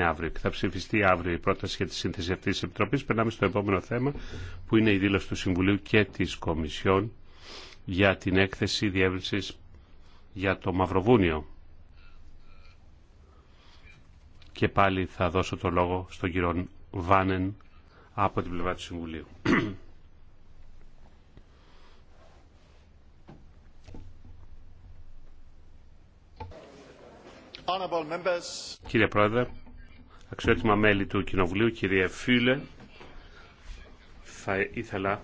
αύριο και θα ψηφιστεί αύριο η πρόταση για τη σύνθεση αυτή τη Επιτροπή. Περνάμε στο επόμενο θέμα που είναι η δήλωση του Συμβουλίου και τη Κομισιόν για την έκθεση διεύρυνση για το Μαυροβούνιο. Και πάλι θα δώσω το λόγο στον κύριο Βάνεν από την πλευρά του Συμβουλίου. Κύριε Πρόεδρε, αξιότιμα μέλη του Κοινοβουλίου, κυρία Φίλε, θα ήθελα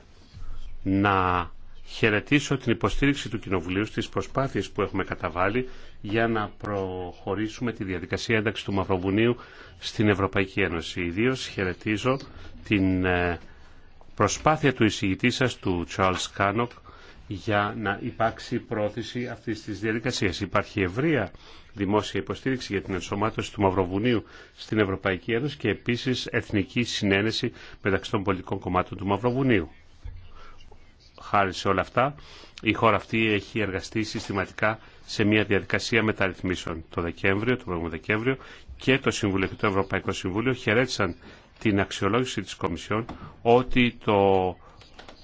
να χαιρετήσω την υποστήριξη του Κοινοβουλίου στις προσπάθειες που έχουμε καταβάλει για να προχωρήσουμε τη διαδικασία ένταξη του Μαυροβουνίου στην Ευρωπαϊκή Ένωση. Ιδίω χαιρετίζω την ε, προσπάθεια του εισηγητή σας, του Charles Κάνοκ, για να υπάρξει πρόθεση αυτή τη διαδικασία. Υπάρχει ευρεία δημόσια υποστήριξη για την ενσωμάτωση του Μαυροβουνίου στην Ευρωπαϊκή Ένωση και επίσης εθνική συνένεση μεταξύ των πολιτικών κομμάτων του Μαυροβουνίου. Χάρη σε όλα αυτά, η χώρα αυτή έχει εργαστεί συστηματικά σε μια διαδικασία μεταρρυθμίσεων το Δεκέμβριο, το προηγούμενο Δεκέμβριο και το Συμβούλιο και το Ευρωπαϊκό Συμβούλιο χαιρέτησαν την αξιολόγηση της Κομισιόν ότι το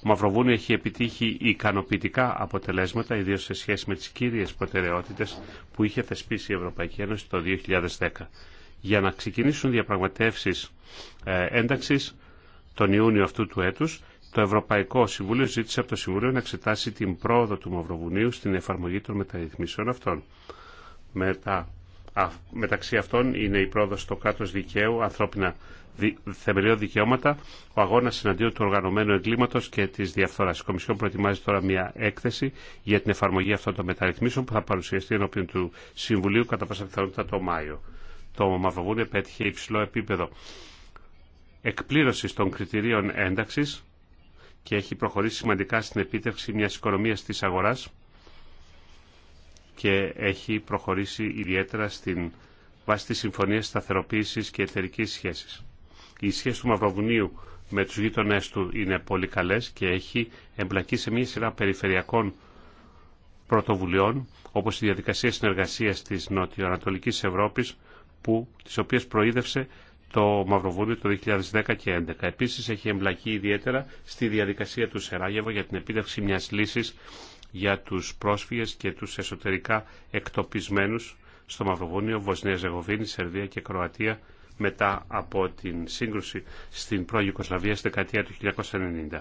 Μαυροβούνιο έχει επιτύχει ικανοποιητικά αποτελέσματα, ιδίω σε σχέση με τις κύριε προτεραιότητε που είχε θεσπίσει η Ευρωπαϊκή Ένωση το 2010. Για να ξεκινήσουν διαπραγματεύσεις ε, ένταξης τον Ιούνιο αυτού του έτους, το Ευρωπαϊκό Συμβούλιο ζήτησε από το Συμβούλιο να εξετάσει την πρόοδο του Μαυροβουνίου στην εφαρμογή των μεταρρυθμίσεων αυτών. Μεταξύ αυτών είναι η πρόοδος στο κράτος δικαίου, ανθρώπινα θεμελιώδη δικαιώματα, ο αγώνα εναντίον του οργανωμένου εγκλήματο και τη διαφθορά. Η Κομισιόν προετοιμάζει τώρα μια έκθεση για την εφαρμογή αυτών των μεταρρυθμίσεων που θα παρουσιαστεί ενώπιον του Συμβουλίου κατά πάσα πιθανότητα το Μάιο. Το Μαυροβούνιο επέτυχε υψηλό επίπεδο εκπλήρωση των κριτηρίων ένταξη και έχει προχωρήσει σημαντικά στην επίτευξη μια οικονομία τη αγορά και έχει προχωρήσει ιδιαίτερα στην βάση της Συμφωνίας Σταθεροποίησης και Εταιρικής Σχέσης. Οι σχέσεις του Μαυροβουνίου με τους γειτονέ του είναι πολύ καλές και έχει εμπλακεί σε μια σειρά περιφερειακών πρωτοβουλειών, όπως η διαδικασία συνεργασίας της Νοτιοανατολικής Ευρώπης, που, τις οποίες προείδευσε το Μαυροβούνιο το 2010 και 2011. Επίσης έχει εμπλακεί ιδιαίτερα στη διαδικασία του Σεράγεβο για την επίτευξη μιας λύσης για τους πρόσφυγες και τους εσωτερικά εκτοπισμένους στο Μαυροβούνιο, Βοσνία, Ζεγοβίνη, Σερβία και Κροατία μετά από την σύγκρουση στην πρώην Ιουκοσλαβία στη δεκαετία του 1990.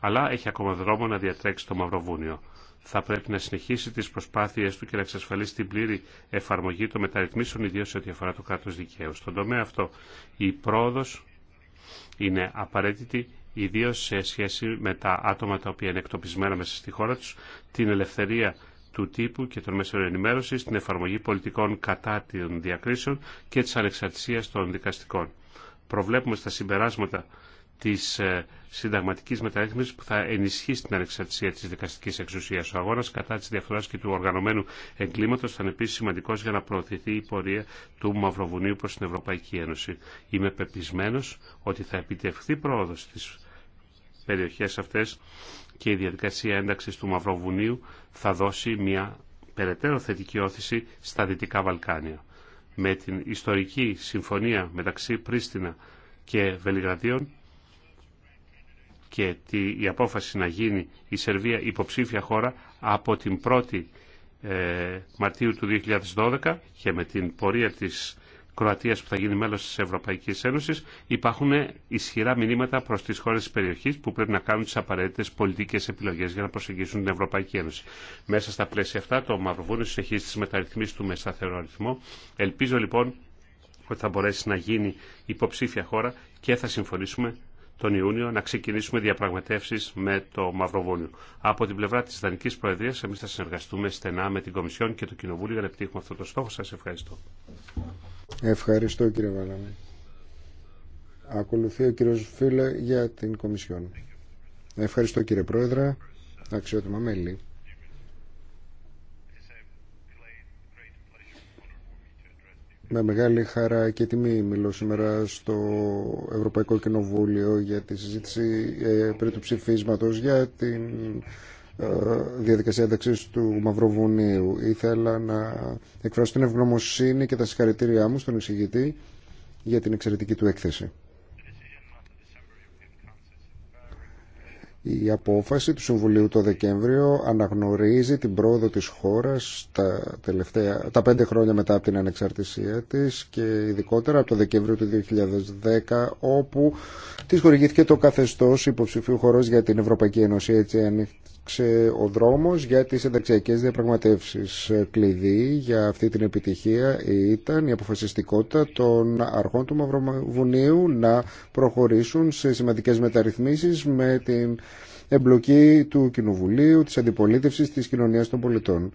Αλλά έχει ακόμα δρόμο να διατρέξει το Μαυροβούνιο. Θα πρέπει να συνεχίσει τις προσπάθειές του και να εξασφαλίσει την πλήρη εφαρμογή των μεταρρυθμίσεων, ιδίως σε ό,τι αφορά το κράτος δικαίου. Στον τομέα αυτό η πρόοδος είναι απαραίτητη Ιδίω σε σχέση με τα άτομα τα οποία είναι εκτοπισμένα μέσα στη χώρα του, την ελευθερία του τύπου και των μέσων ενημέρωση, την εφαρμογή πολιτικών κατά των διακρίσεων και τη ανεξαρτησία των δικαστικών. Προβλέπουμε στα συμπεράσματα της ε, συνταγματική μεταρρύθμισης που θα ενισχύσει την ανεξαρτησία τη δικαστική εξουσία Ο αγώνα κατά τη διαφθοράς και του οργανωμένου εγκλήματο, θα είναι επίση σημαντικό για να προωθηθεί η πορεία του Μαυροβουνίου προ την Ευρωπαϊκή Ένωση. Είμαι πεπισμένο ότι θα επιτευχθεί πρόοδο. τη περιοχές αυτές και η διαδικασία ένταξης του Μαυροβουνίου θα δώσει μια περαιτέρω θετική όθηση στα Δυτικά Βαλκάνια. Με την ιστορική συμφωνία μεταξύ Πρίστινα και Βελιγραδίων και τη, η απόφαση να γίνει η Σερβία υποψήφια χώρα από την 1η ε, Μαρτίου του 2012 και με την πορεία της Κροατία που θα γίνει μέλο τη Ευρωπαϊκή Ένωση. υπάρχουν ισχυρά μηνύματα προ τι χώρε τη περιοχή που πρέπει να κάνουν τι απαραίτητε πολιτικέ επιλογέ για να προσεγγίσουν την Ευρωπαϊκή Ένωση. Μέσα στα πλαίσια αυτά το Μαυροβούνιο συνεχίζει τι μεταρρυθμίσει του με σταθερό αριθμό. Ελπίζω λοιπόν ότι θα μπορέσει να γίνει υποψήφια χώρα και θα συμφωνήσουμε τον Ιούνιο να ξεκινήσουμε διαπραγματεύσεις με το Μαυροβούνιο. Από την πλευρά της Δανικής Προεδρίας εμείς θα συνεργαστούμε στενά με την Κομισιόν και το Κοινοβούλιο για να επιτύχουμε αυτό το στόχο. Σας ευχαριστώ. Ευχαριστώ κύριε Βάλαμη. Ακολουθεί ο κύριος Φίλε για την Κομισιόν. Ευχαριστώ κύριε Πρόεδρε, αξιότιμα μέλη. Με μεγάλη χαρά και τιμή μιλώ σήμερα στο Ευρωπαϊκό Κοινοβούλιο για τη συζήτηση ε, περί του ψηφίσματος για την ε, διαδικασία ένταξη του Μαυροβουνίου. Ήθελα να εκφράσω την ευγνωμοσύνη και τα συγχαρητήριά μου στον εισηγητή για την εξαιρετική του έκθεση. Η απόφαση του Συμβουλίου το Δεκέμβριο αναγνωρίζει την πρόοδο της χώρας τα, τελευταία, τα πέντε χρόνια μετά από την ανεξαρτησία της και ειδικότερα από το Δεκέμβριο του 2010 όπου της χορηγήθηκε το καθεστώς υποψηφίου χώρος για την Ευρωπαϊκή Ένωση έτσι σε ο δρόμος για τι ενταξιακέ διαπραγματεύσεις. Κλειδί για αυτή την επιτυχία ήταν η αποφασιστικότητα των αρχών του Μαυροβουνίου να προχωρήσουν σε σημαντικές μεταρρυθμίσεις με την εμπλοκή του Κοινοβουλίου, της αντιπολίτευσης, της κοινωνίας των πολιτών.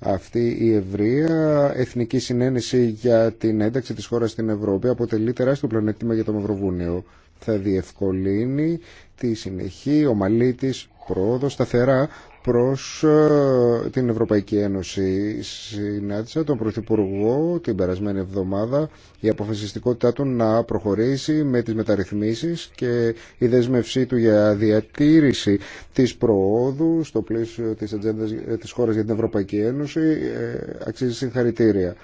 Αυτή η ευρεία εθνική συνένεση για την ένταξη τη χώρας στην Ευρώπη αποτελεί τεράστιο πλανέκτημα για το Μαυροβούνιο. Θα διευκολύνει τη συνεχή ομαλή της πρόοδο σταθερά προς ε, την Ευρωπαϊκή Ένωση. Συνάντησα τον Πρωθυπουργό την περασμένη εβδομάδα η αποφασιστικότητά του να προχωρήσει με τις μεταρρυθμίσεις και η δέσμευσή του για διατήρηση της προόδου στο πλαίσιο της ατζέντα ε, της χώρας για την Ευρωπαϊκή Ένωση ε, αξίζει συγχαρητήρια.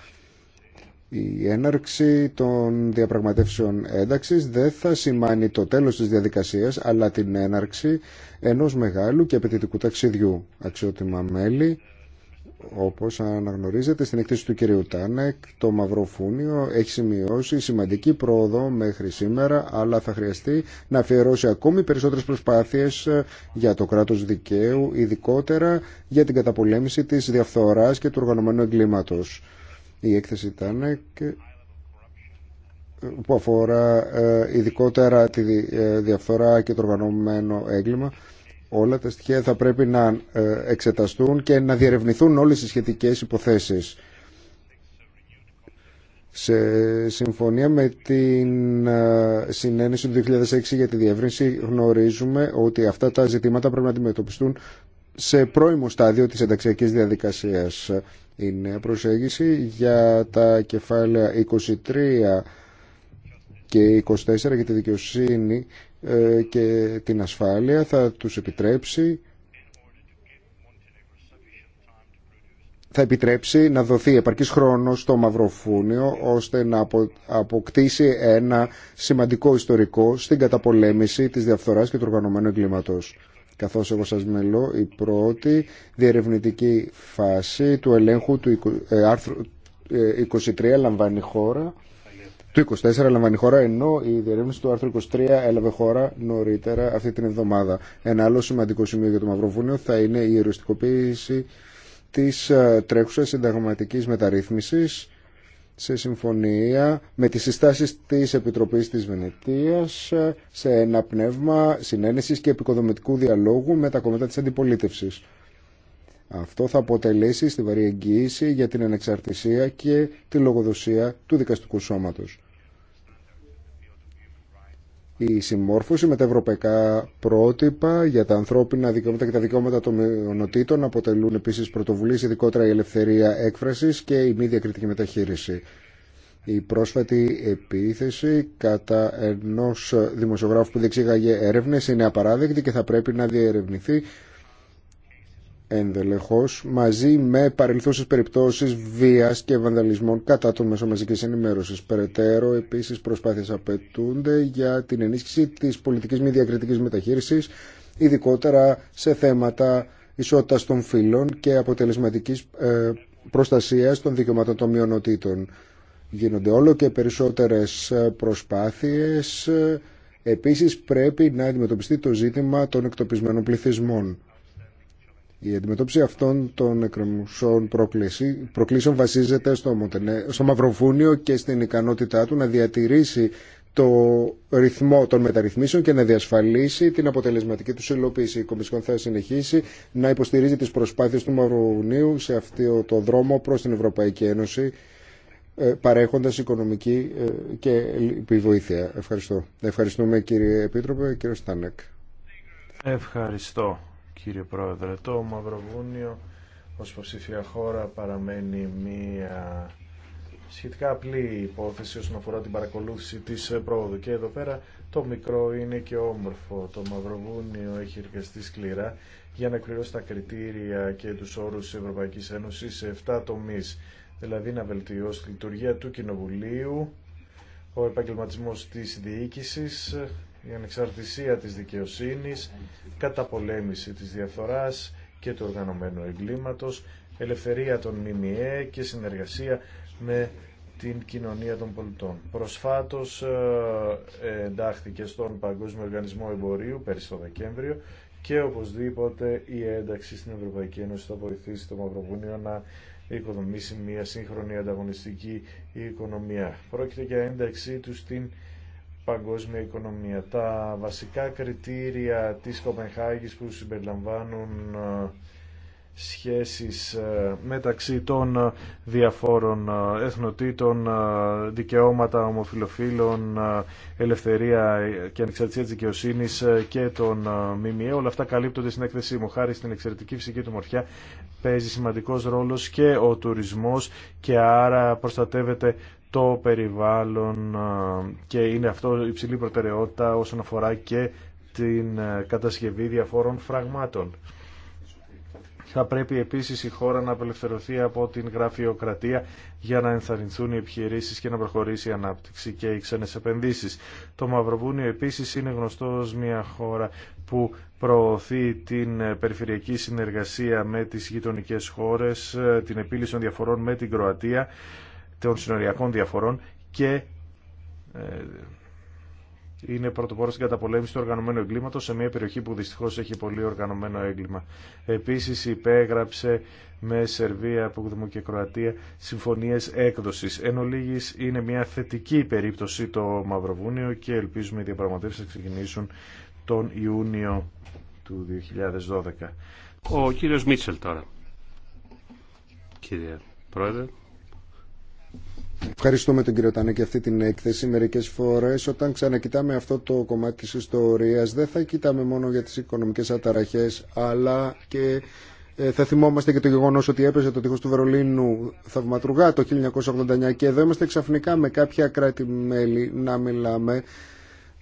Η έναρξη των διαπραγματεύσεων ένταξης δεν θα σημάνει το τέλος της διαδικασίας, αλλά την έναρξη ενός μεγάλου και απαιτητικού ταξιδιού. Αξιότιμα μέλη, όπως αναγνωρίζετε στην εκτίση του κυρίου Τάνεκ, το Μαυροφούνιο έχει σημειώσει σημαντική πρόοδο μέχρι σήμερα, αλλά θα χρειαστεί να αφιερώσει ακόμη περισσότερες προσπάθειες ε, για το κράτος δικαίου, ειδικότερα για την καταπολέμηση της διαφθοράς και του οργανωμένου εγκλήματος η έκθεση ήταν και που αφορά ε, ειδικότερα τη ε, διαφθορά και το οργανωμένο έγκλημα. Όλα τα στοιχεία θα πρέπει να ε, εξεταστούν και να διερευνηθούν όλες οι σχετικές υποθέσεις. Σε συμφωνία με την συνένεση του 2006 για τη διεύρυνση γνωρίζουμε ότι αυτά τα ζητήματα πρέπει να αντιμετωπιστούν σε πρώιμο στάδιο της ενταξιακής διαδικασίας. Η νέα προσέγγιση για τα κεφάλαια 23 και 24 για τη δικαιοσύνη ε, και την ασφάλεια θα τους επιτρέψει θα επιτρέψει να δοθεί επαρκής χρόνο στο Μαυροφούνιο ώστε να αποκτήσει ένα σημαντικό ιστορικό στην καταπολέμηση της διαφθοράς και του οργανωμένου εγκλήματος καθώς εγώ σας μελώ, η πρώτη διερευνητική φάση του ελέγχου του ε, άρθρου 23 ε, λαμβάνει χώρα του 24 λαμβάνει χώρα, ενώ η διερεύνηση του άρθρου 23 έλαβε χώρα νωρίτερα αυτή την εβδομάδα. Ένα άλλο σημαντικό σημείο για το Μαυροβούνιο θα είναι η οριστικοποίηση της ε, τρέχουσας συνταγματικής μεταρρύθμισης σε συμφωνία με τις συστάσεις της Επιτροπής της Βενετίας ε, σε ένα πνεύμα συνένεσης και επικοδομητικού διαλόγου με τα κομμάτια της αντιπολίτευσης. Αυτό θα αποτελέσει στη βαρύ εγγύηση για την ανεξαρτησία και τη λογοδοσία του δικαστικού σώματος η συμμόρφωση με τα ευρωπαϊκά πρότυπα για τα ανθρώπινα δικαιώματα και τα δικαιώματα των μειονοτήτων αποτελούν επίσης πρωτοβουλίες, ειδικότερα η ελευθερία έκφρασης και η μη διακριτική μεταχείριση. Η πρόσφατη επίθεση κατά ενό δημοσιογράφου που διεξήγαγε έρευνε είναι απαράδεκτη και θα πρέπει να διερευνηθεί ενδελεχώς μαζί με παρελθούσε περιπτώσεις βίας και βανδαλισμών κατά των μεσομαζικής ενημέρωση. Περαιτέρω επίσης προσπάθειες απαιτούνται για την ενίσχυση της πολιτικής μη διακριτικής μεταχείρισης ειδικότερα σε θέματα ισότητας των φύλων και αποτελεσματικής ε, προστασίας των δικαιωμάτων των μειονοτήτων. Γίνονται όλο και περισσότερες ε, προσπάθειες. Επίσης πρέπει να αντιμετωπιστεί το ζήτημα των εκτοπισμένων πληθυσμών η αντιμετώπιση αυτών των εκκρεμουσών προκλήσεων βασίζεται στο, Μοντενε, Μαυροβούνιο και στην ικανότητά του να διατηρήσει το ρυθμό των μεταρρυθμίσεων και να διασφαλίσει την αποτελεσματική του υλοποίηση. Η Κομισιόν θα συνεχίσει να υποστηρίζει τις προσπάθειες του Μαυροβουνίου σε αυτό το δρόμο προς την Ευρωπαϊκή Ένωση ε, παρέχοντας οικονομική ε, και επιβοήθεια. Ευχαριστώ. Ευχαριστούμε κύριε Επίτροπε, κύριο Στάνεκ. Ευχαριστώ κύριε Πρόεδρε. Το Μαυροβούνιο ως υποψήφια χώρα παραμένει μία σχετικά απλή υπόθεση όσον αφορά την παρακολούθηση της πρόοδου. Και εδώ πέρα το μικρό είναι και όμορφο. Το Μαυροβούνιο έχει εργαστεί σκληρά για να εκπληρώσει τα κριτήρια και τους όρους της Ευρωπαϊκής Ένωσης σε 7 τομείς. Δηλαδή να βελτιώσει τη λειτουργία του Κοινοβουλίου, ο επαγγελματισμός της διοίκησης, η ανεξαρτησία της δικαιοσύνης, καταπολέμηση της διαφθοράς και του οργανωμένου εγκλήματος, ελευθερία των ΜΜΕ και συνεργασία με την κοινωνία των πολιτών. Προσφάτως ε, εντάχθηκε στον Παγκόσμιο Οργανισμό Εμπορίου πέρυσι το Δεκέμβριο και οπωσδήποτε η ένταξη στην Ευρωπαϊκή Ένωση θα βοηθήσει το Μαυροβούνιο να οικοδομήσει μια σύγχρονη ανταγωνιστική οικονομία. Πρόκειται για ένταξή του στην παγκόσμια οικονομία. Τα βασικά κριτήρια της Κοπενχάγης που συμπεριλαμβάνουν ε, σχέσεις ε, μεταξύ των ε, διαφόρων εθνοτήτων, δικαιώματα ομοφιλοφίλων, ελευθερία και ανεξαρτησία της δικαιοσύνης και των ΜΜΕ. Όλα αυτά καλύπτονται στην έκθεσή μου. Χάρη στην εξαιρετική φυσική του μορφιά παίζει σημαντικός ρόλος και ο τουρισμός και άρα προστατεύεται το περιβάλλον και είναι αυτό υψηλή προτεραιότητα όσον αφορά και την ε, κατασκευή διαφόρων φραγμάτων. Θα πρέπει επίσης η χώρα να απελευθερωθεί από την γραφειοκρατία για να ενθαρρυνθούν οι επιχειρήσεις και να προχωρήσει η ανάπτυξη και οι ξένες επενδύσεις. Το Μαυροβούνιο επίσης είναι γνωστό ως μια χώρα που προωθεί την ε, περιφερειακή συνεργασία με τις γειτονικές χώρες, ε, την επίλυση των διαφορών με την Κροατία των συνοριακών διαφορών και ε, είναι πρωτοπόρο στην καταπολέμηση του οργανωμένου εγκλήματο σε μια περιοχή που δυστυχώ έχει πολύ οργανωμένο έγκλημα. Επίση, υπέγραψε με Σερβία, Πούγδημο και Κροατία συμφωνίε έκδοση. Εν ολίγη, είναι μια θετική περίπτωση το Μαυροβούνιο και ελπίζουμε οι διαπραγματεύσει να ξεκινήσουν τον Ιούνιο του 2012. Ο κύριος Μίτσελ τώρα. Κύριε Πρόεδρε. Ευχαριστούμε τον κύριο και αυτή την έκθεση. Μερικέ φορέ όταν ξανακοιτάμε αυτό το κομμάτι τη ιστορία δεν θα κοιτάμε μόνο για τι οικονομικέ αταραχέ αλλά και ε, θα θυμόμαστε και το γεγονό ότι έπεσε το τείχο του Βερολίνου θαυματουργά το 1989 και εδώ είμαστε ξαφνικά με κάποια κράτη-μέλη να μιλάμε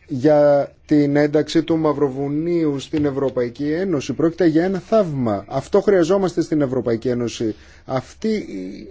για την ένταξη του Μαυροβουνίου στην Ευρωπαϊκή Ένωση. Πρόκειται για ένα θαύμα. Αυτό χρειαζόμαστε στην Ευρωπαϊκή Ένωση. Αυτή,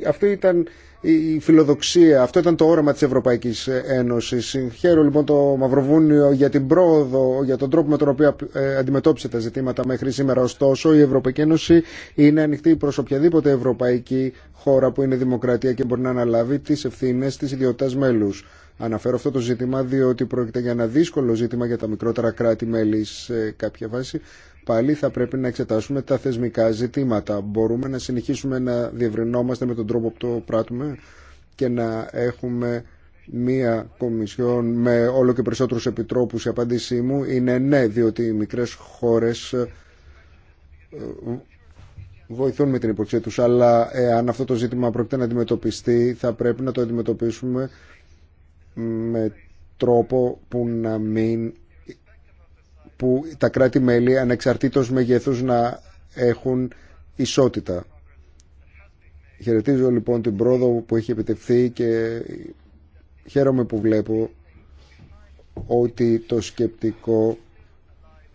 αυτό ήταν η φιλοδοξία. Αυτό ήταν το όραμα της Ευρωπαϊκής Ένωσης. Συγχαίρω λοιπόν το Μαυροβούνιο για την πρόοδο, για τον τρόπο με τον οποίο ε, αντιμετώπισε τα ζητήματα μέχρι σήμερα. Ωστόσο, η Ευρωπαϊκή Ένωση είναι ανοιχτή προς οποιαδήποτε ευρωπαϊκή χώρα που είναι δημοκρατία και μπορεί να αναλάβει τις ευθύνες της ιδιότητας μέλους. Αναφέρω αυτό το ζήτημα διότι πρόκειται για ένα δύσκολο ζήτημα για τα μικρότερα κράτη-μέλη σε κάποια βάση πάλι θα πρέπει να εξετάσουμε τα θεσμικά ζητήματα. Μπορούμε να συνεχίσουμε να διευρυνόμαστε με τον τρόπο που το πράττουμε και να έχουμε μία κομισιόν με όλο και περισσότερους επιτρόπους. Η απάντησή μου είναι ναι, διότι οι μικρές χώρες ε, βοηθούν με την υποψία τους, αλλά εάν αυτό το ζήτημα πρόκειται να αντιμετωπιστεί, θα πρέπει να το αντιμετωπίσουμε με τρόπο που να μην που τα κράτη-μέλη ανεξαρτήτως μεγέθους να έχουν ισότητα. Χαιρετίζω λοιπόν την πρόοδο που έχει επιτευχθεί και χαίρομαι που βλέπω ότι το σκεπτικό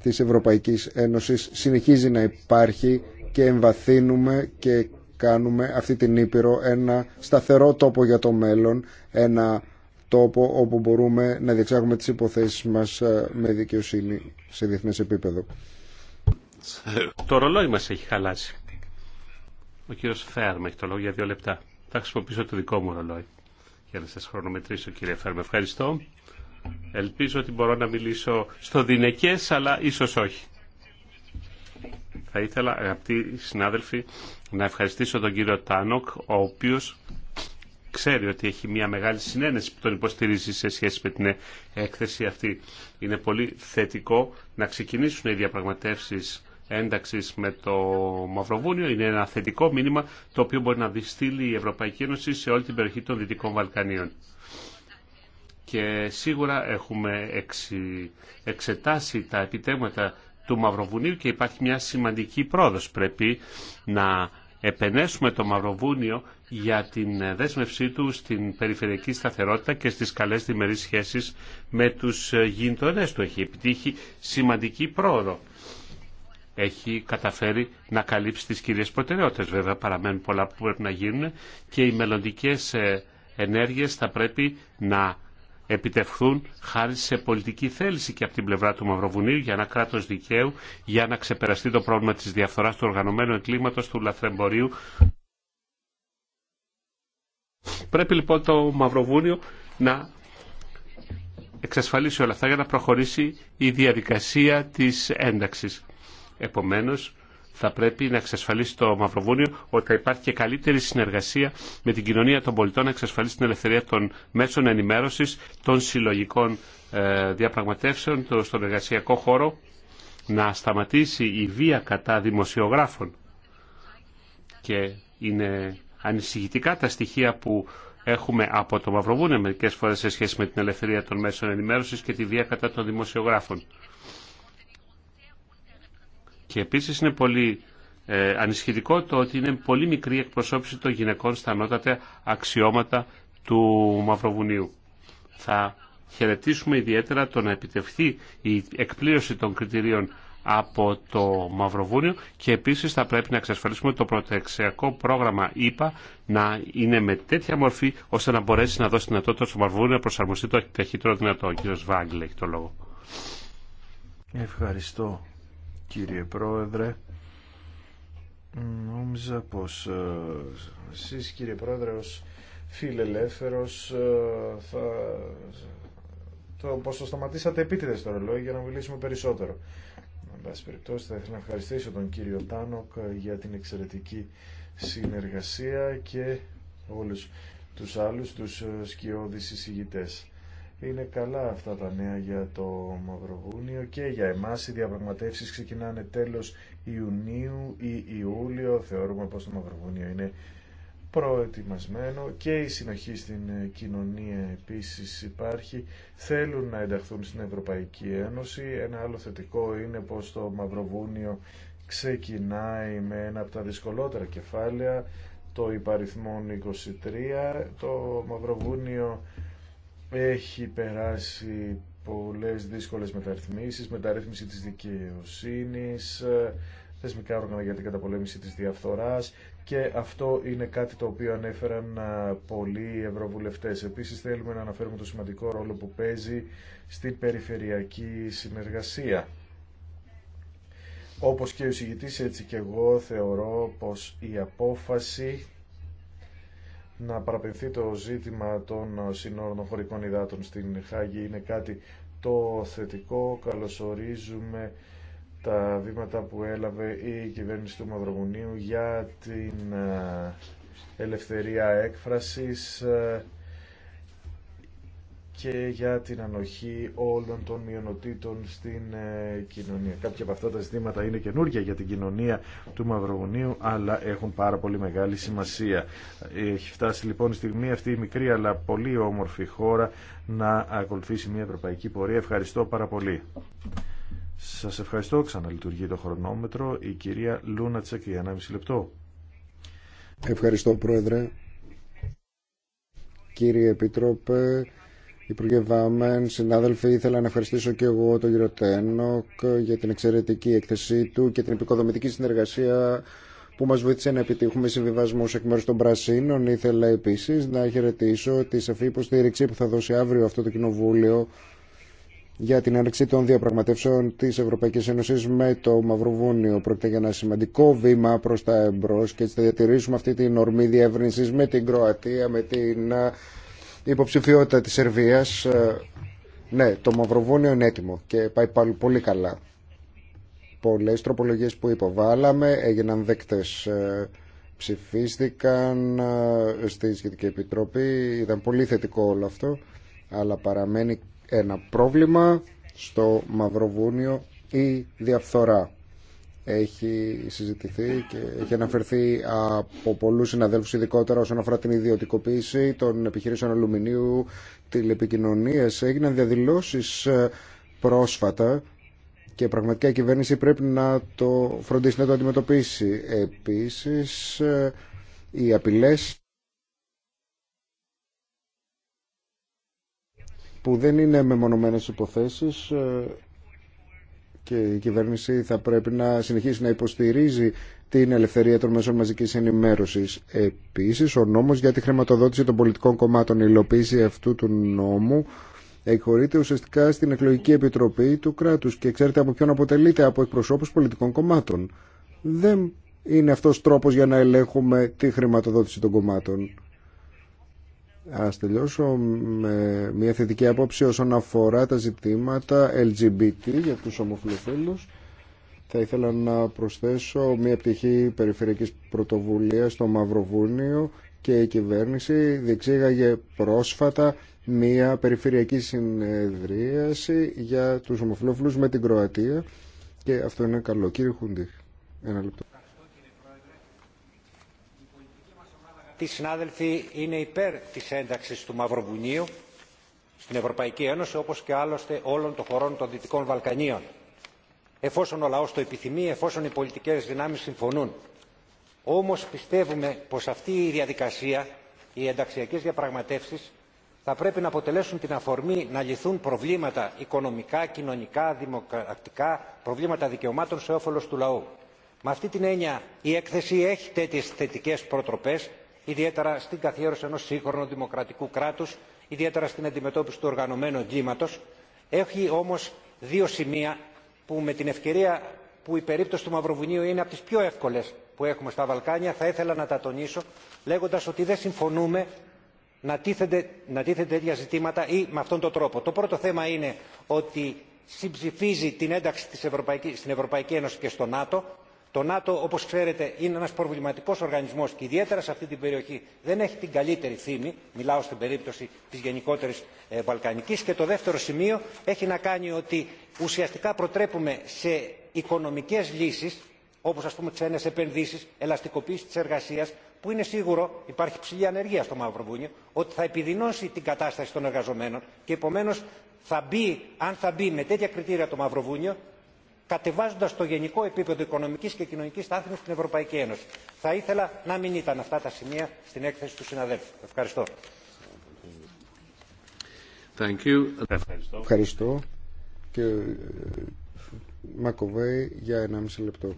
της Ευρωπαϊκής Ένωσης συνεχίζει να υπάρχει και εμβαθύνουμε και κάνουμε αυτή την Ήπειρο ένα σταθερό τόπο για το μέλλον, ένα τόπο όπου μπορούμε να διεξάγουμε τις υποθέσεις μας ε, με δικαιοσύνη σε διεθνές επίπεδο. Το ρολόι μας έχει χαλάσει. Ο κύριος Φέρμε, έχει το λόγο για δύο λεπτά. Θα χρησιμοποιήσω το δικό μου ρολόι για να σας χρονομετρήσω κύριε Φέρμε. Ευχαριστώ. Ελπίζω ότι μπορώ να μιλήσω στο δινεκέ, αλλά ίσως όχι. Θα ήθελα αγαπητοί συνάδελφοι να ευχαριστήσω τον κύριο Τάνοκ ο οποίος ξέρει ότι έχει μια μεγάλη συνένεση που τον υποστηρίζει σε σχέση με την έκθεση αυτή. Είναι πολύ θετικό να ξεκινήσουν οι διαπραγματεύσει ένταξης με το Μαυροβούνιο. Είναι ένα θετικό μήνυμα το οποίο μπορεί να διστείλει η Ευρωπαϊκή Ένωση σε όλη την περιοχή των Δυτικών Βαλκανίων. Και σίγουρα έχουμε εξετάσει τα επιτέγματα του Μαυροβουνίου και υπάρχει μια σημαντική πρόοδος. Πρέπει να επενέσουμε το Μαυροβούνιο για την ε, δέσμευσή του στην περιφερειακή σταθερότητα και στις καλές διμερείς σχέσεις με τους ε, γείτονές του. Έχει επιτύχει σημαντική πρόοδο. Έχει καταφέρει να καλύψει τις κυρίες προτεραιότητες. Βέβαια παραμένουν πολλά που πρέπει να γίνουν και οι μελλοντικέ ε, ενέργειες θα πρέπει να επιτευχθούν χάρη σε πολιτική θέληση και από την πλευρά του Μαυροβουνίου για ένα κράτος δικαίου, για να ξεπεραστεί το πρόβλημα της διαφθοράς του οργανωμένου εγκλήματος, του λαθρεμπορίου. Πρέπει λοιπόν το Μαυροβούνιο να εξασφαλίσει όλα αυτά για να προχωρήσει η διαδικασία της ένταξης. Επομένως, θα πρέπει να εξασφαλίσει το Μαυροβούνιο ότι θα υπάρχει και καλύτερη συνεργασία με την κοινωνία των πολιτών να εξασφαλίσει την ελευθερία των μέσων ενημέρωσης, των συλλογικών ε, διαπραγματεύσεων στον εργασιακό χώρο, να σταματήσει η βία κατά δημοσιογράφων. Και είναι ανησυχητικά τα στοιχεία που έχουμε από το Μαυροβούνιο μερικές φορές σε σχέση με την ελευθερία των μέσων ενημέρωσης και τη βία κατά των δημοσιογράφων. Και επίσης είναι πολύ ε, ανισχυτικό το ότι είναι πολύ μικρή εκπροσώπηση των γυναικών στα ανώτατα αξιώματα του Μαυροβουνίου. Θα χαιρετήσουμε ιδιαίτερα το να επιτευχθεί η εκπλήρωση των κριτηρίων από το Μαυροβούνιο και επίσης θα πρέπει να εξασφαλίσουμε το πρωτεξιακό πρόγραμμα είπα, να είναι με τέτοια μορφή ώστε να μπορέσει να δώσει δυνατότητα στο Μαυροβούνιο να προσαρμοστεί το ταχύτερο δυνατό. Ο κ. Βάγκλ έχει το λόγο. Ευχαριστώ κύριε Πρόεδρε. Νόμιζα πως ε, εσείς κύριε Πρόεδρε ως φιλελεύθερος ε, θα το πως το σταματήσατε επίτηδες το ρολόι για να μιλήσουμε περισσότερο. Εν πάση περιπτώσει θα ήθελα να ευχαριστήσω τον κύριο Τάνοκ ε, για την εξαιρετική συνεργασία και όλους τους άλλους τους σκιώδεις εισηγητές. Είναι καλά αυτά τα νέα για το Μαυροβούνιο και για εμάς οι διαπραγματεύσεις ξεκινάνε τέλος Ιουνίου ή Ιούλιο. Θεωρούμε πως το Μαυροβούνιο είναι προετοιμασμένο και η συνοχή στην κοινωνία επίσης υπάρχει. Θέλουν να ενταχθούν στην Ευρωπαϊκή Ένωση. Ένα άλλο θετικό είναι πως το Μαυροβούνιο ξεκινάει με ένα από τα δυσκολότερα κεφάλαια, το υπαριθμόν 23, το Μαυροβούνιο έχει περάσει πολλές δύσκολες μεταρρυθμίσεις, μεταρρύθμιση της δικαιοσύνης, θεσμικά όργανα για την καταπολέμηση της διαφθοράς και αυτό είναι κάτι το οποίο ανέφεραν πολλοί ευρωβουλευτές. Επίσης θέλουμε να αναφέρουμε το σημαντικό ρόλο που παίζει στην περιφερειακή συνεργασία. Όπως και ο συγητής έτσι και εγώ θεωρώ πως η απόφαση να παραπευθεί το ζήτημα των συνόρων χωρικών υδάτων στην Χάγη είναι κάτι το θετικό. Καλωσορίζουμε τα βήματα που έλαβε η κυβέρνηση του Μαυρομουνίου για την ε, ελευθερία έκφρασης ε, και για την ανοχή όλων των μειονοτήτων στην ε, κοινωνία. Κάποια από αυτά τα ζητήματα είναι καινούργια για την κοινωνία του Μαυρογονίου, αλλά έχουν πάρα πολύ μεγάλη σημασία. Έχει φτάσει λοιπόν η στιγμή αυτή η μικρή αλλά πολύ όμορφη χώρα να ακολουθήσει μια ευρωπαϊκή πορεία. Ευχαριστώ πάρα πολύ. Σας ευχαριστώ. Ξαναλειτουργεί το χρονόμετρο. Η κυρία Λούνα Τσεκ για μισή λεπτό. Ευχαριστώ Πρόεδρε. Κύριε Επίτροπε, Υπουργέ Βάμεν, συνάδελφοι, ήθελα να ευχαριστήσω και εγώ τον κύριο Τένοκ για την εξαιρετική έκθεσή του και την επικοδομητική συνεργασία που μας βοήθησε να επιτύχουμε συμβιβασμούς εκ μέρους των Πρασίνων. Ήθελα επίσης να χαιρετήσω τη σαφή υποστήριξη που θα δώσει αύριο αυτό το Κοινοβούλιο για την άνοιξη των διαπραγματεύσεων τη Ευρωπαϊκή Ένωση με το Μαυροβούνιο. Πρόκειται για ένα σημαντικό βήμα προ τα εμπρό και έτσι θα διατηρήσουμε αυτή την ορμή διεύρυνση με την Κροατία, με την η υποψηφιότητα της Σερβίας, ε, ναι, το Μαυροβούνιο είναι έτοιμο και πάει πάλι πολύ καλά. Πολλές τροπολογίες που υποβάλαμε έγιναν δέκτες ε, ψηφίστηκαν ε, στη Σχετική Επιτροπή. Ήταν πολύ θετικό όλο αυτό, αλλά παραμένει ένα πρόβλημα στο Μαυροβούνιο η διαφθορά έχει συζητηθεί και έχει αναφερθεί από πολλούς συναδέλφους ειδικότερα όσον αφορά την ιδιωτικοποίηση των επιχειρήσεων αλουμινίου, τηλεπικοινωνίες. Έγιναν διαδηλώσεις ε, πρόσφατα και πραγματικά η κυβέρνηση πρέπει να το φροντίσει να το αντιμετωπίσει. Επίσης, ε, οι απειλές που δεν είναι μεμονωμένες υποθέσεις ε, και η κυβέρνηση θα πρέπει να συνεχίσει να υποστηρίζει την ελευθερία των μέσων μαζική ενημέρωσης. Επίσης, ο νόμος για τη χρηματοδότηση των πολιτικών κομμάτων, η υλοποίηση αυτού του νόμου, εκχωρείται ουσιαστικά στην εκλογική επιτροπή του κράτους και ξέρετε από ποιον αποτελείται, από εκπροσώπους πολιτικών κομμάτων. Δεν είναι αυτό τρόπο για να ελέγχουμε τη χρηματοδότηση των κομμάτων. Ας τελειώσω με μια θετική απόψη όσον αφορά τα ζητήματα LGBT για τους ομοφιλοφίλους. Θα ήθελα να προσθέσω μια πτυχή περιφερειακής πρωτοβουλίας στο Μαυροβούνιο και η κυβέρνηση διεξήγαγε πρόσφατα μια περιφερειακή συνεδρίαση για τους ομοφιλόφιλους με την Κροατία και αυτό είναι καλό. Κύριε Χουντή, ένα λεπτό. Τις συνάδελφοι είναι υπέρ της ένταξης του Μαυροβουνίου στην Ευρωπαϊκή Ένωση όπως και άλλωστε όλων των χωρών των Δυτικών Βαλκανίων εφόσον ο λαός το επιθυμεί, εφόσον οι πολιτικές δυνάμεις συμφωνούν. Όμως πιστεύουμε πως αυτή η διαδικασία, οι ενταξιακές διαπραγματεύσεις θα πρέπει να αποτελέσουν την αφορμή να λυθούν προβλήματα οικονομικά, κοινωνικά, δημοκρατικά, προβλήματα δικαιωμάτων σε όφελος του λαού. Με αυτή την έννοια η έκθεση έχει τέτοιες θετικές προτροπές ιδιαίτερα στην καθιέρωση ενός σύγχρονου δημοκρατικού κράτους, ιδιαίτερα στην αντιμετώπιση του οργανωμένου εγκλήματος. Έχει όμως δύο σημεία που με την ευκαιρία που η περίπτωση του Μαυροβουνίου είναι από τις πιο εύκολες που έχουμε στα Βαλκάνια, θα ήθελα να τα τονίσω λέγοντας ότι δεν συμφωνούμε να τίθενται, να τίθενται τέτοια ζητήματα ή με αυτόν τον τρόπο. Το πρώτο θέμα είναι ότι συμψηφίζει την ένταξη της στην Ευρωπαϊκή Ένωση και στο ΝΑΤΟ το νατο όπω ξέρετε είναι ένα προβληματικό οργανισμό και ιδιαίτερα σε αυτή την περιοχή δεν έχει την καλύτερη φήμη μιλάω στην περίπτωση της γενικότερης ε, Βαλκανική και το δεύτερο σημείο έχει να κάνει ότι ουσιαστικά προτρέπουμε σε οικονομικέ λύσει, όπω α πούμε ξένε επενδύσει, ελαστικοποίηση τη εργασία, που είναι σίγουρο υπάρχει ψηλή ανεργία στο μαυροβούνιο ότι θα επιδεινώσει την κατάσταση των εργαζομένων και επομένω θα μπει αν θα μπει με τέτοια κριτήρια το μαυροβούνιο κατεβάζοντα το γενικό επίπεδο οικονομική και κοινωνική στάθμη στην Ευρωπαϊκή Ένωση. Θα ήθελα να μην ήταν αυτά τα σημεία στην έκθεση του συναδέλφου. Ευχαριστώ. Thank you. Ευχαριστώ. Και ε, Μακοβέη για 1,5 λεπτό.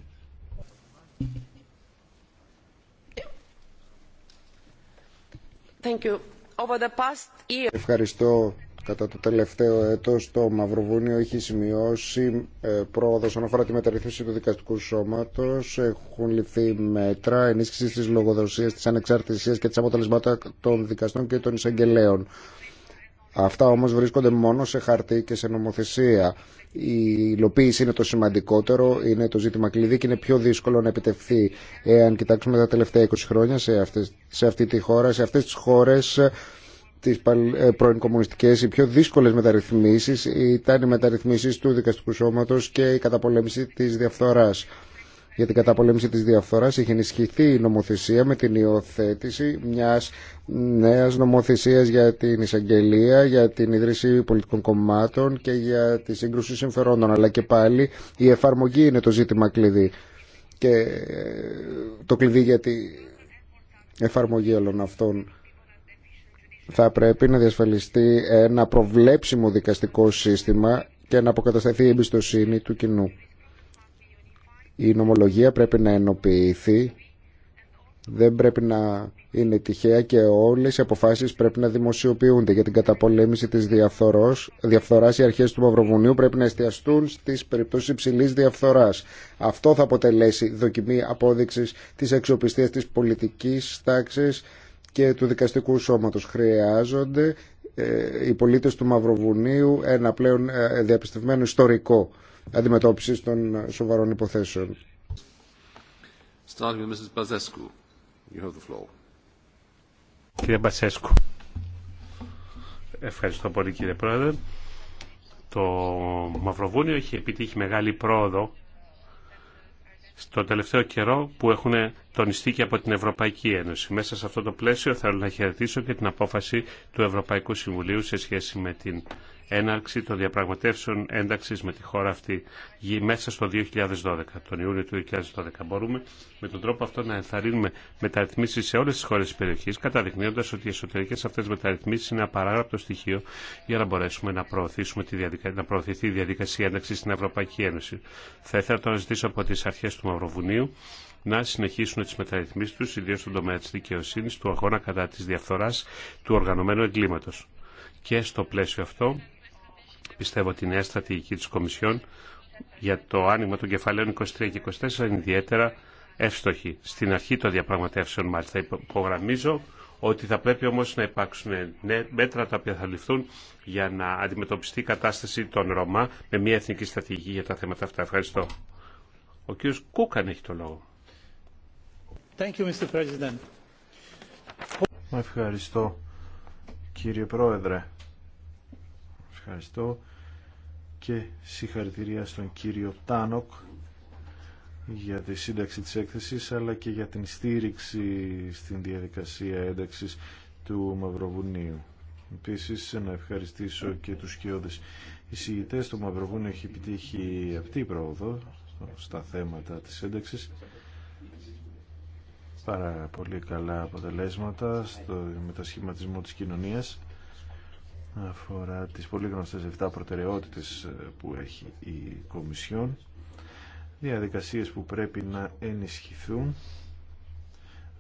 Ευχαριστώ Κατά το τελευταίο έτος το Μαυροβούνιο έχει σημειώσει ε, πρόοδο όσον αφορά τη μεταρρύθμιση του δικαστικού σώματος. Έχουν ληφθεί μέτρα ενίσχυσης της λογοδοσίας, της ανεξαρτησίας και της αποτελεσμάτων των δικαστών και των εισαγγελέων. Αυτά όμως βρίσκονται μόνο σε χαρτί και σε νομοθεσία. Η υλοποίηση είναι το σημαντικότερο, είναι το ζήτημα κλειδί και είναι πιο δύσκολο να επιτευχθεί. Εάν κοιτάξουμε τα τελευταία 20 χρόνια σε, αυτές, σε αυτή τη χώρα, σε αυτές τις χώρες τις ε, πρώην κομμουνιστικές, οι πιο δύσκολες μεταρρυθμίσεις ήταν οι μεταρρυθμίσεις του δικαστικού σώματος και η καταπολέμηση της διαφθοράς. Για την καταπολέμηση της διαφθοράς είχε ενισχυθεί η νομοθεσία με την υιοθέτηση μιας νέας νομοθεσίας για την εισαγγελία, για την ίδρυση πολιτικών κομμάτων και για τη σύγκρουση συμφερόντων. Αλλά και πάλι η εφαρμογή είναι το ζήτημα κλειδί και ε, το κλειδί για την εφαρμογή όλων αυτών θα πρέπει να διασφαλιστεί ένα προβλέψιμο δικαστικό σύστημα και να αποκατασταθεί η εμπιστοσύνη του κοινού. Η νομολογία πρέπει να ενοποιηθεί, δεν πρέπει να είναι τυχαία και όλες οι αποφάσεις πρέπει να δημοσιοποιούνται. Για την καταπολέμηση της διαφθορός, διαφθοράς οι αρχές του Μαυροβουνίου πρέπει να εστιαστούν στις περιπτώσεις υψηλή διαφθοράς. Αυτό θα αποτελέσει δοκιμή απόδειξης της αξιοπιστίας της πολιτικής τάξης και του δικαστικού σώματος. Χρειάζονται ε, οι πολίτες του Μαυροβουνίου ένα πλέον ε, διαπιστευμένο ιστορικό αντιμετώπιση των σοβαρών υποθέσεων. Κύριε Μπασέσκου, ευχαριστώ πολύ κύριε Πρόεδρε. Το Μαυροβούνιο έχει επιτύχει μεγάλη πρόοδο στο τελευταίο καιρό που έχουν τονιστεί και από την Ευρωπαϊκή Ένωση. Μέσα σε αυτό το πλαίσιο θέλω να χαιρετήσω και την απόφαση του Ευρωπαϊκού Συμβουλίου σε σχέση με την έναρξη των διαπραγματεύσεων ένταξη με τη χώρα αυτή μέσα στο 2012, τον Ιούνιο του 2012. Μπορούμε με τον τρόπο αυτό να ενθαρρύνουμε μεταρρυθμίσει σε όλε τι χώρε τη περιοχή, καταδεικνύοντα ότι οι εσωτερικέ αυτέ μεταρρυθμίσει είναι απαράγραπτο στοιχείο για να μπορέσουμε να, προωθήσουμε τη διαδικα... να προωθηθεί η διαδικασία ένταξη στην Ευρωπαϊκή Ένωση. Θα ήθελα τώρα να ζητήσω από τι αρχέ του Μαυροβουνίου να συνεχίσουν τις μεταρρυθμίσεις του, ιδίως στον τομέα τη δικαιοσύνη του αγώνα κατά της διαφθοράς, του οργανωμένου εγκλήματος. Και στο πλαίσιο αυτό Πιστεύω ότι η νέα στρατηγική της Κομισιόν για το άνοιγμα των κεφαλαίων 23 και 24 είναι ιδιαίτερα εύστοχη. Στην αρχή των διαπραγματεύσεων μάλιστα υπογραμμίζω ότι θα πρέπει όμως να υπάρξουν μέτρα τα οποία θα ληφθούν για να αντιμετωπιστεί η κατάσταση των Ρωμά με μια εθνική στρατηγική για τα θέματα αυτά. Ευχαριστώ. Ο κ. Κούκαν έχει το λόγο. Thank you, Mr. Ευχαριστώ κύριε Πρόεδρε. Ευχαριστώ και συγχαρητήρια στον κύριο Τάνοκ για τη σύνταξη της έκθεσης αλλά και για την στήριξη στην διαδικασία ένταξης του Μαυροβουνίου. Επίσης να ευχαριστήσω και τους σκιώδες εισηγητές. Το Μαυροβούνιο έχει επιτύχει αυτή η πρόοδο στα θέματα της ένταξης. Πάρα πολύ καλά αποτελέσματα στο μετασχηματισμό της κοινωνίας αφορά τις πολύ γνωστές 7 προτεραιότητες ε, που έχει η Κομισιόν διαδικασίες που πρέπει να ενισχυθούν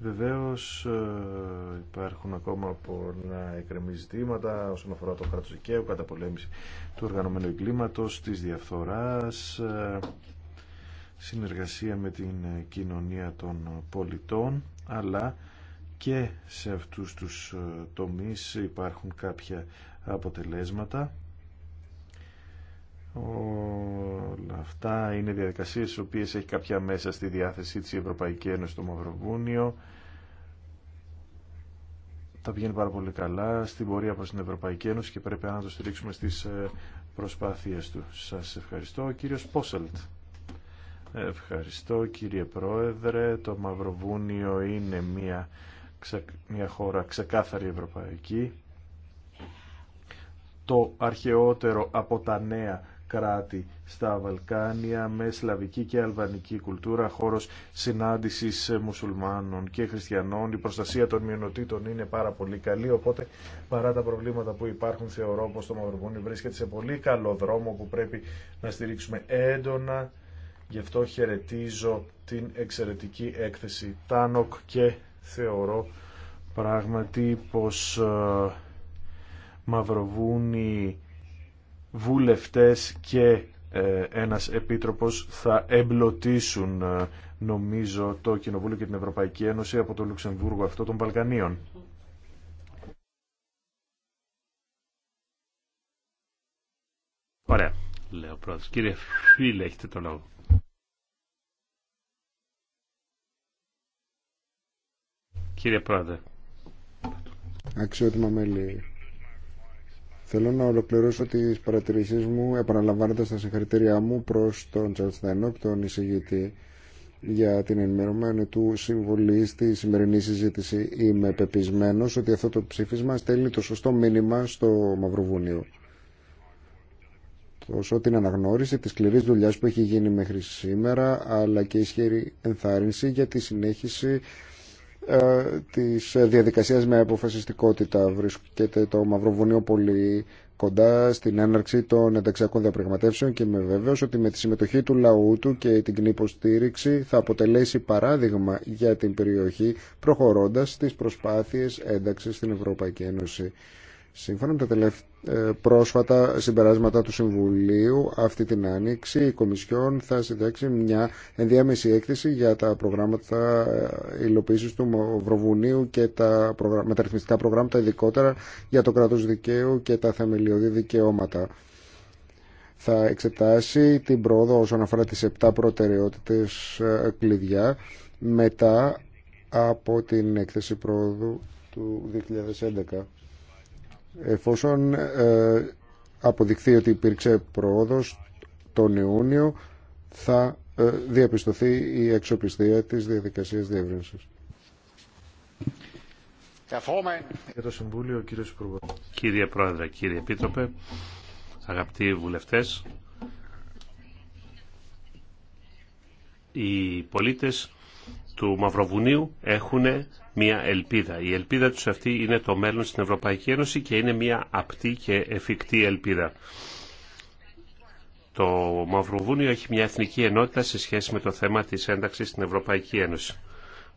Βεβαίως ε, υπάρχουν ακόμα πολλά εκκρεμή ζητήματα όσον αφορά το κράτος δικαίου, κατά πολέμηση του οργανωμένου εγκλήματος, της διαφθοράς, ε, συνεργασία με την κοινωνία των πολιτών, αλλά και σε αυτούς τους ε, τομείς υπάρχουν κάποια αποτελέσματα. Όλα αυτά είναι διαδικασίες οι οποίες έχει κάποια μέσα στη διάθεσή της η Ευρωπαϊκή Ένωση στο Μαυροβούνιο. Τα πηγαίνει πάρα πολύ καλά στην πορεία προς την Ευρωπαϊκή Ένωση και πρέπει να το στηρίξουμε στις ε, προσπάθειες του. Σας ευχαριστώ. Ο κύριος Πόσελτ. Ευχαριστώ κύριε Πρόεδρε. Το Μαυροβούνιο είναι μια μια χώρα ξεκάθαρη ευρωπαϊκή, το αρχαιότερο από τα νέα κράτη στα Βαλκάνια με σλαβική και αλβανική κουλτούρα, χώρος συνάντησης μουσουλμάνων και χριστιανών. Η προστασία των μειονοτήτων είναι πάρα πολύ καλή, οπότε παρά τα προβλήματα που υπάρχουν θεωρώ πως το Μαυροβούνι βρίσκεται σε πολύ καλό δρόμο που πρέπει να στηρίξουμε έντονα. Γι' αυτό χαιρετίζω την εξαιρετική έκθεση Τάνοκ και θεωρώ πράγματι πως ε, μαυροβούν οι βουλευτές και ε, ένας επίτροπος θα εμπλωτίσουν ε, νομίζω το Κοινοβούλιο και την Ευρωπαϊκή Ένωση από το Λουξεμβούργο αυτό των Βαλκανίων. Ωραία. Λέω πρώτος. Κύριε Φίλε, έχετε λόγο. κύριε Πρόεδρε. Αξιότιμα μέλη. Θέλω να ολοκληρώσω τι παρατηρήσει μου επαναλαμβάνοντα τα συγχαρητήριά μου προ τον Τσαρτσδανόκ, τον εισηγητή για την ενημερωμένη του συμβολή στη σημερινή συζήτηση. Είμαι πεπισμένο ότι αυτό το ψήφισμα στέλνει το σωστό μήνυμα στο Μαυροβούνιο. Τόσο την αναγνώριση τη σκληρή δουλειά που έχει γίνει μέχρι σήμερα, αλλά και ισχυρή ενθάρρυνση για τη συνέχιση ε, της ε, διαδικασίας με αποφασιστικότητα. Βρίσκεται το Μαυροβουνίο πολύ κοντά στην έναρξη των ενταξιακών διαπραγματεύσεων και είμαι βέβαιο ότι με τη συμμετοχή του λαού του και την κοινή υποστήριξη θα αποτελέσει παράδειγμα για την περιοχή προχωρώντας στις προσπάθειες ένταξης στην Ευρωπαϊκή Ένωση. Σύμφωνα με τα τελευταία, ε, πρόσφατα συμπεράσματα του Συμβουλίου, αυτή την άνοιξη η Κομισιόν θα συντάξει μια ενδιάμεση έκθεση για τα προγράμματα ε, υλοποίησης του Μαυροβουνίου και τα μεταρρυθμιστικά προγράμματα, ειδικότερα για το κράτος δικαίου και τα θεμελιώδη δικαιώματα. Θα εξετάσει την πρόοδο όσον αφορά τις 7 προτεραιότητες ε, κλειδιά μετά από την έκθεση πρόοδου του 2011. Εφόσον ε, αποδειχθεί ότι υπήρξε πρόοδος τον Ιούνιο, θα ε, διαπιστωθεί η εξοπιστία της διαδικασίας διεύρυνσης. Για το Συμβούλιο, κύριε Υπουργό. Κύριε Πρόεδρε, κύριε Επίτροπε, αγαπητοί βουλευτές, οι πολίτες του Μαυροβουνίου έχουν μια ελπίδα. Η ελπίδα τους αυτή είναι το μέλλον στην Ευρωπαϊκή Ένωση και είναι μια απτή και εφικτή ελπίδα. Το Μαυροβούνιο έχει μια εθνική ενότητα σε σχέση με το θέμα της ένταξης στην Ευρωπαϊκή Ένωση.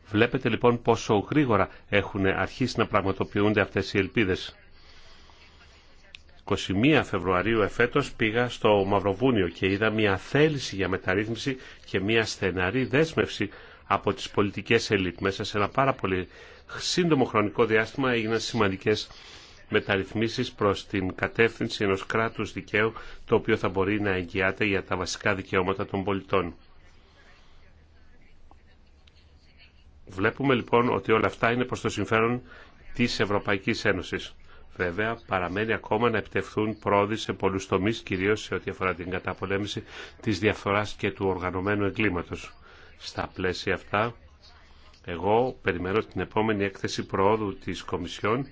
Βλέπετε λοιπόν πόσο γρήγορα έχουν αρχίσει να πραγματοποιούνται αυτές οι ελπίδες. 21 Φεβρουαρίου εφέτος πήγα στο Μαυροβούνιο και είδα μια θέληση για μεταρρύθμιση και μια στεναρή δέσμευση από τις πολιτικές ελίτ. Μέσα σε ένα πάρα πολύ σύντομο χρονικό διάστημα έγιναν σημαντικές μεταρρυθμίσεις προς την κατεύθυνση ενός κράτους δικαίου το οποίο θα μπορεί να εγγυάται για τα βασικά δικαιώματα των πολιτών. Βλέπουμε λοιπόν ότι όλα αυτά είναι προς το συμφέρον της Ευρωπαϊκής Ένωσης. Βέβαια, παραμένει ακόμα να επιτευχθούν πρόοδοι σε πολλούς τομείς, κυρίως σε ό,τι αφορά την καταπολέμηση της διαφθοράς και του οργανωμένου εγκλήματος. Στα πλαίσια αυτά, εγώ περιμένω την επόμενη έκθεση προόδου της Κομισιόν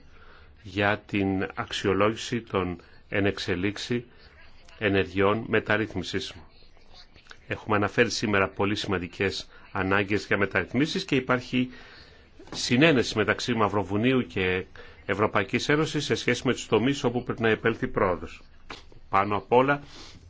για την αξιολόγηση των ενεξελίξη ενεργειών μεταρρύθμισης. Έχουμε αναφέρει σήμερα πολύ σημαντικές ανάγκες για μεταρρυθμίσεις και υπάρχει συνένεση μεταξύ Μαυροβουνίου και Ευρωπαϊκής Ένωσης σε σχέση με τους τομείς όπου πρέπει να επέλθει πρόοδος. Πάνω απ' όλα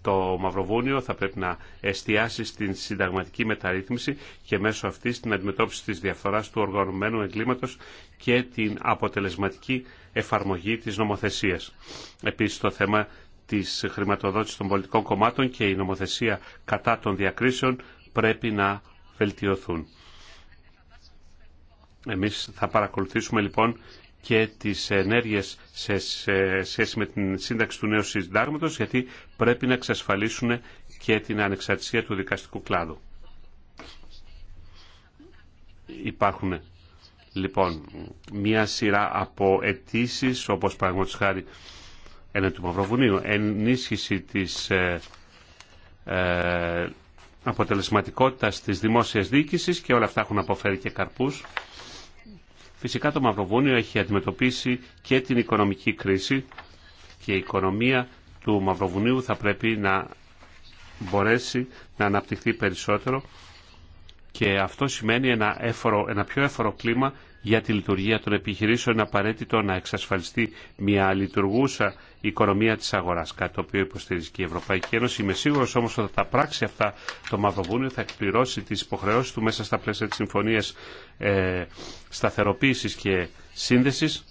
το Μαυροβούνιο θα πρέπει να εστιάσει στην συνταγματική μεταρρύθμιση και μέσω αυτής την αντιμετώπιση της διαφθοράς του οργανωμένου εγκλήματος και την αποτελεσματική εφαρμογή της νομοθεσίας. Επίσης το θέμα της χρηματοδότησης των πολιτικών κομμάτων και η νομοθεσία κατά των διακρίσεων πρέπει να βελτιωθούν. Εμείς θα παρακολουθήσουμε λοιπόν και τις ενέργειες σε σχέση με την σύνταξη του νέου συντάγματος γιατί πρέπει να εξασφαλίσουν και την ανεξαρτησία του δικαστικού κλάδου. Υπάρχουν λοιπόν μία σειρά από αιτήσει, όπως παραγωγή χάρη ένα του Μαυροβουνίου, ενίσχυση της ε, ε, αποτελεσματικότητας της δημόσιας διοίκησης και όλα αυτά έχουν αποφέρει και καρπούς Φυσικά το Μαυροβούνιο έχει αντιμετωπίσει και την οικονομική κρίση και η οικονομία του Μαυροβουνίου θα πρέπει να μπορέσει να αναπτυχθεί περισσότερο και αυτό σημαίνει ένα, έφορο, ένα πιο έφορο κλίμα για τη λειτουργία των επιχειρήσεων είναι απαραίτητο να εξασφαλιστεί μια λειτουργούσα οικονομία της αγοράς, κάτι το οποίο υποστηρίζει και η Ευρωπαϊκή Ένωση. Είμαι σίγουρο όμως ότι τα πράξει αυτά το Μαυροβούνιο, θα εκπληρώσει τις υποχρεώσεις του μέσα στα πλαίσια της Συμφωνίας ε, Σταθεροποίησης και Σύνδεσης.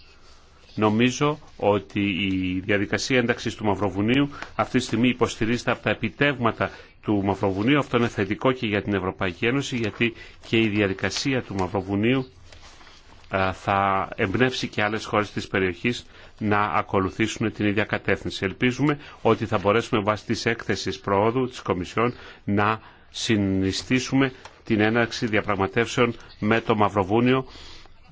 Νομίζω ότι η διαδικασία ένταξης του Μαυροβουνίου αυτή τη στιγμή υποστηρίζεται από τα επιτεύγματα του Μαυροβουνίου. Αυτό είναι θετικό και για την Ευρωπαϊκή Ένωση γιατί και η διαδικασία του Μαυροβουνίου ε, θα εμπνεύσει και άλλες χώρες της περιοχής να ακολουθήσουν την ίδια κατεύθυνση. Ελπίζουμε ότι θα μπορέσουμε βάσει της έκθεσης προόδου της Κομισιόν να συνιστήσουμε την έναρξη διαπραγματεύσεων με το Μαυροβούνιο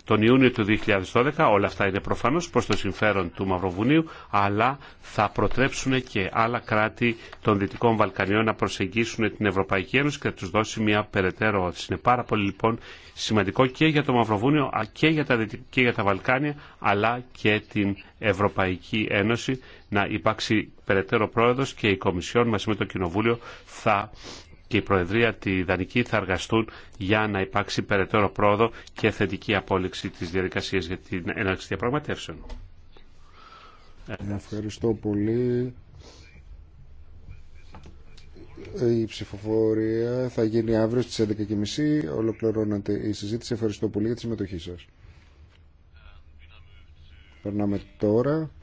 τον Ιούνιο του 2012. Όλα αυτά είναι προφανώς προς το συμφέρον του Μαυροβουνίου, αλλά θα προτρέψουν και άλλα κράτη των Δυτικών Βαλκανιών να προσεγγίσουν την Ευρωπαϊκή Ένωση και θα τους δώσει μια περαιτέρω όθηση. Είναι πάρα πολύ λοιπόν σημαντικό και για το Μαυροβούνιο και για τα, και για τα Βαλκάνια, αλλά και την Ευρωπαϊκή Ένωση να υπάρξει περαιτέρω πρόεδρος και η Κομισιόν μαζί με το Κοινοβούλιο θα και η Προεδρία τη Δανική θα εργαστούν για να υπάρξει περαιτέρω πρόοδο και θετική απόλυξη της διαδικασίας για την έναρξη διαπραγματεύσεων. Ευχαριστώ πολύ. Η ψηφοφορία θα γίνει αύριο στις 11.30. Ολοκληρώνεται η συζήτηση. Ευχαριστώ πολύ για τη συμμετοχή σας. Περνάμε τώρα